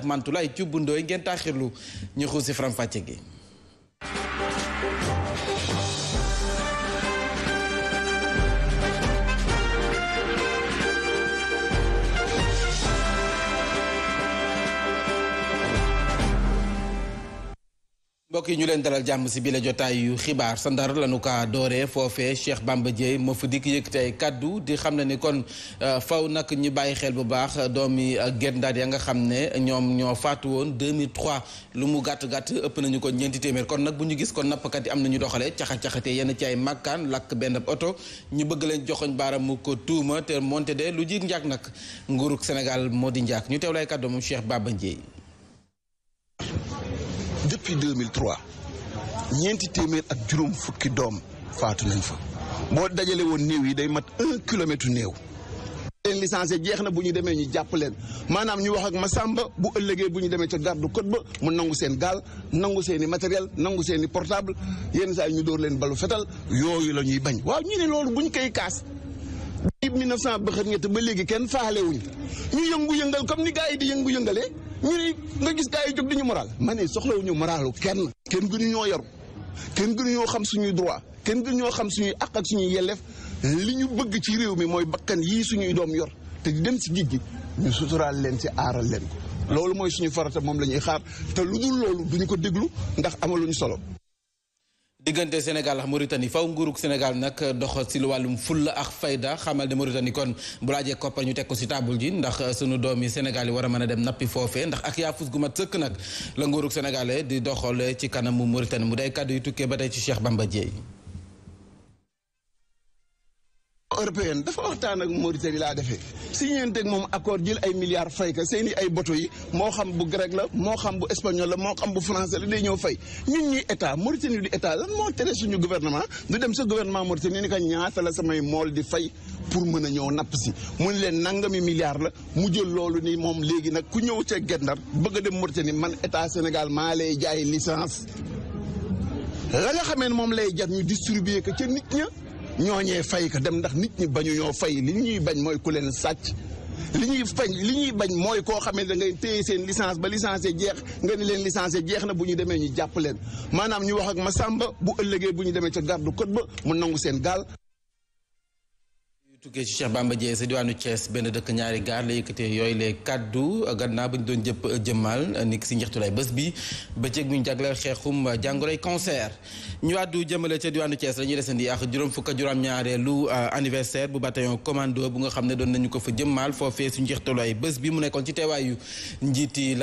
Mantulaay Cubb Ndooy ngeen taaxirlu ñu xuusi faram fàcce gi mbokk yi ñu leen dalal jàmm si bile jotaay yu xibaar sa ndar lañu kaa dooree foofee Cheikh Bamba Dièye moo fa dikk yëkkati ay kàddu di xam ne ni kon euh, faw nag ñu bàyyi xel bu baax doomi euh, Guet Ndar ya nga xam ne ñoom ñoo faatu woon 2003 lu mu gàtt gàtt ëpp nañu ko ñeenti téeméer kon nag bu ñu gis kon nappkat yi am nañu doxalee caxa-caxate yenn ci ay màkkaan lakk benn oto ñu bëgg leen joxoñ baaramu ko tuuma te monte de lu jiig njaag nag nguurug Sénégal moo di njaag ñu teew lay kaddu moom Cheikh Bamba Dièye depuis 2003 ñeenti téeméer ak juróom fukki doom faatu nañ fa boo dajale woon néew yi day mat un kilomètre néew. leen licencié jeex na bu ñu demee ñu jàpp leen maanaam ñu wax ak Masamba bu ëllëgee bu ñu demee ca garde côte ba mu nangu seen gaal nangu seeni i matériel nangu seen i portable yenn saa ñu dóor leen balu fetal yooyu la ñuy bañ waaw ñu ne loolu bu ñu koy kaas. depuis 1900 ba xëy ñett ba léegi kenn faale ñu yëngu-yëngal comme ni gars yi di yëngu-yëngalee. ñu ne nga gis gars yi jóg ñu moraal ma ne soxlawuñu moralu kenn kenn gënu ñoo yaru kenn gënu ñoo xam suñuy droit kenn gënu ñoo xam suñuy àq ak suñuy yelleef li ñu bëgg ci réew mi mooy bakkan yii suñuy doom yor te dem si géej gi ñu suturaal leen si aaral leen ko loolu mooy suñu farata moom la ñuy xaar te lu dul loolu duñu ko déglu ndax amaluñu solo diggante Sénégal ak Mauritanie faw nguurug Sénégal nag dox si lu wàllum fulla ak fayda xamal ne Mauritanie kon bu laajee koppar ñu teg ko si taabul ji ndax sunu doomi Sénégal yi war a mën a dem nappi foofee ndax ak yaafus gu mat sëkk nag la nguurug Sénégal di doxal ci kanamu Mauritanie mu day kàddu yi tukkee ba tey ci Cheikh Bamba Dièye européenne dafa waxtaan ak Mauritanie laa defee signeenteeg moom accord jël ay milliards fay ka seen ay bateau yi moo xam bu grec la moo xam bu espagnol la moo xam bu français la day ñëw fay ñun ñuy état Mauritanie di état lan moo tere suñu gouvernement dem sa gouvernement moo ni ko ñaata la samay mool di fay pour mën a ñëw napp si mu ne leen nangami milliards la mu jël loolu ni moom léegi nag ku ñëw ca Gendar bëgg a dem Mauritanie man état Sénégal maa lay jaay licence la nga xamee ne moom lay jar ñu distribuer ko ca nit ña ñooñee fay ko dem ndax nit ñi bañu ñoo fay li ñuy bañ mooy ku leen sàcc li ñuy fañ li ñuy bañ mooy koo xamee da ngay téye seen licence ba licencié jeex nga ni leen licencié jeex na bu ñu demee ñu jàpp leen maanaam ñu wax ak Masamba bu ëllëgee bu ñu demee ca garde côte ba mu nangu seen gaal tukkee ci Cheikh Bamba Dièye sa diwaanu Thiès benn dëkk ñaari gaar la yëkkatee yooyu les kaddu gannaaw ba ñu doon jëpp jëmmal ni ki si njeextulaay bés bi bëccëg bu ñu jagleel xeexum jàngoroy cancer ñu àddu jëmale ca diwaanu Thiès la ñuy desandi ak juróom fukk ak juróom-ñaareelu euh, anniversaire bu bataillon commando bu nga xam ne doon nañu ko fa jëmmal foofee su njeextulaay bés bi mu nekkoon ci teewaayu njiiti